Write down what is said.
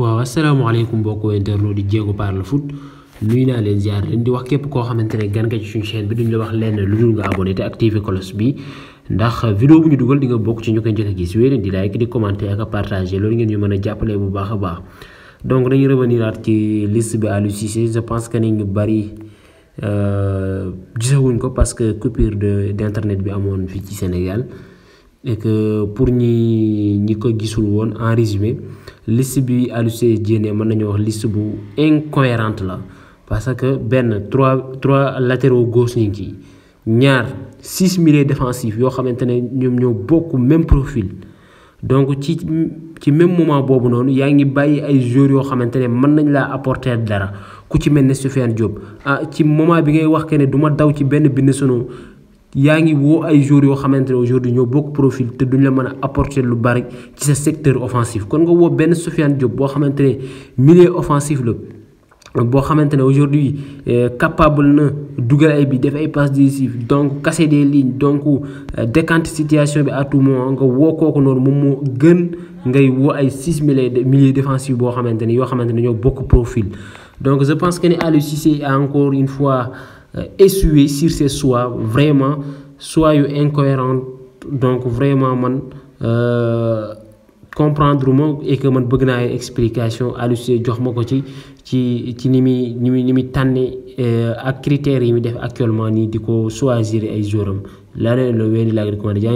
waaw asalaamaaleykum mbokki internaute di Diégo Parle Foot nuyu naa leen ziar leen di wax képp koo xamante ne gan nga ci suñu chaîne bi duñu la wax lenn lu dul nga abonné te activé cloche bi ndax vidéo bu ñu dugal di nga bokk ci ñu koy njëkk a gis wéy di like di commenter ak a partager loolu ngeen ñu mën a jàppale bu baax a baax donc dañuy revenir ci list bi si Cissé je pense que ni ñu bari euh, wuñ ko parce que coupure de d' internet bi amoon fii ci Sénégal. et que pour ñi ñi ko gisul won en résumé liste bi Aliou djéné mën nañu wax liste bu incohérente la parce que ben 3 3 latéraux gauche ñu ngi ci ñaar 6 milieux défensifs yo xamante ñom ñoo bokk même profil donc ci ci même moment bobu nonu ya ngi bayyi ay joueurs yo xamante mën nañ la apporter dara ku ci melni Soufiane Diop ah ci moment bi ngay wax que ne du daw ci ben bind sunu yaa ngi woo ay joueurs yoo xamante ne aujourd'hui ñoo bokk profil te duñ la mën a apporter lu bari ci sa secteur offensif kon nga woo benn Sofiane Diop boo xamante ne milieu offensif la boo xamante ne aujourd'hui euh, capable na dugal ay bi def ay passes décisives donc casser des lignes donc euh, décante situation bi à tout moment nga woo kooku noonu moom moo gën ngay woo ay six mille milieu défensif boo xamante ne yoo xamante ne ñoo bokk profil donc je pense que ne Aliou Cissé encore une fois euh, essuyer sur ces soies vraiment soies incohérent donc vraiment man euh, comprendre ma et que man bëgg une explication à Cissé jox ma ko ci ci ci ni ni ni muy euh, ak critères yi def actuellement ni de quoi choisir ay jour la leneen la wéy di la